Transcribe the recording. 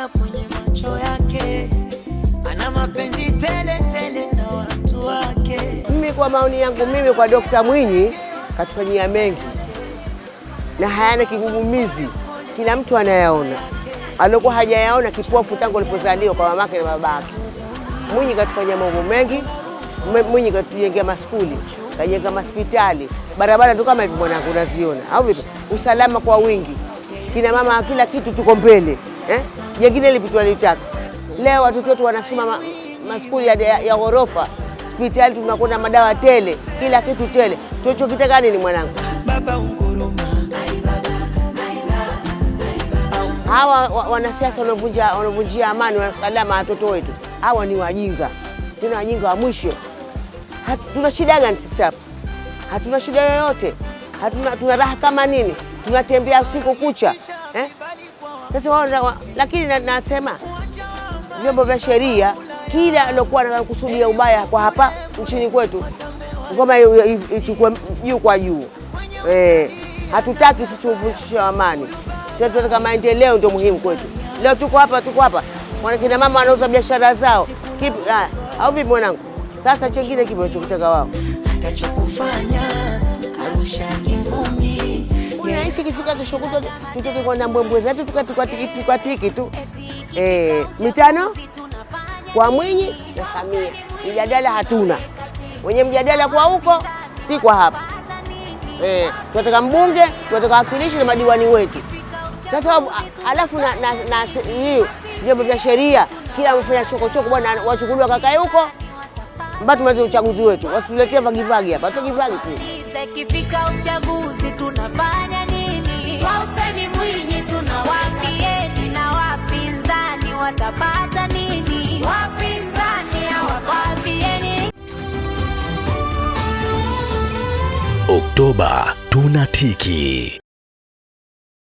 sana kwenye macho yake, ana mapenzi tele tele na watu wake. Mimi kwa maoni yangu mimi kwa Dokta Mwinyi katufanyia mengi na hayana kigugumizi, kila mtu anayaona. Aliokuwa hajayaona kipofu tangu alipozaliwa kwa mamake na babake. Mwinyi katufanyia mambo mengi. Mwinyi katujengea maskuli, kajenga maspitali, barabara tu kama hivi mwanangu unaziona, au vipi? Usalama kwa wingi, kina mama, kila kitu tuko mbele eh? Jengine lipitwa litatu. Leo watoto wetu wanasoma ma, maskuli ya, ya ghorofa, hospitali tunakwenda madawa tele, kila kitu tele. Tunachokitaka nini mwanangu? Hawa wanasiasa wanavunjia amani, wasalama watoto wetu, hawa ni wajinga, tena wajinga wa mwisho. Tuna shida gani sisi hapa? Hatuna shida yoyote, hatuna tuna raha kama nini? Tunatembea usiku kucha eh? Sasa wao, lakini nasema vyombo vya sheria, kila alokuwa anakusudia ubaya kwa hapa nchini kwetu ngoma ichukue juu kwa juu. Eh, hatutaki situvusha amani, tunataka maendeleo, ndio muhimu kwetu. Leo tuko hapa, tuko hapa, kina mama wanauza biashara zao ah, au vipi mwanangu? Sasa chengine kipi wanachotaka wao? tukifika kesho kutwa tutoke kwa mbwembwe zetu tukatikatikatiki tu e, mitano kwa Mwinyi na Samia. Mjadala hatuna wenye mjadala kwa huko, si kwa hapa e, tunataka mbunge, tunataka wakilishi na madiwani wetu. Sasa alafu na, na, na hiyo vyombo vya sheria kila mfanya chokochoko bwana wachukuliwa kakae huko mpaka tumalize uchaguzi wetu, wasituletea vagivagi hapa, tutavagi tu. Ikifika uchaguzi tunafanya watapata nini? Wapinzani hawakwambieni. Oktoba tunatiki.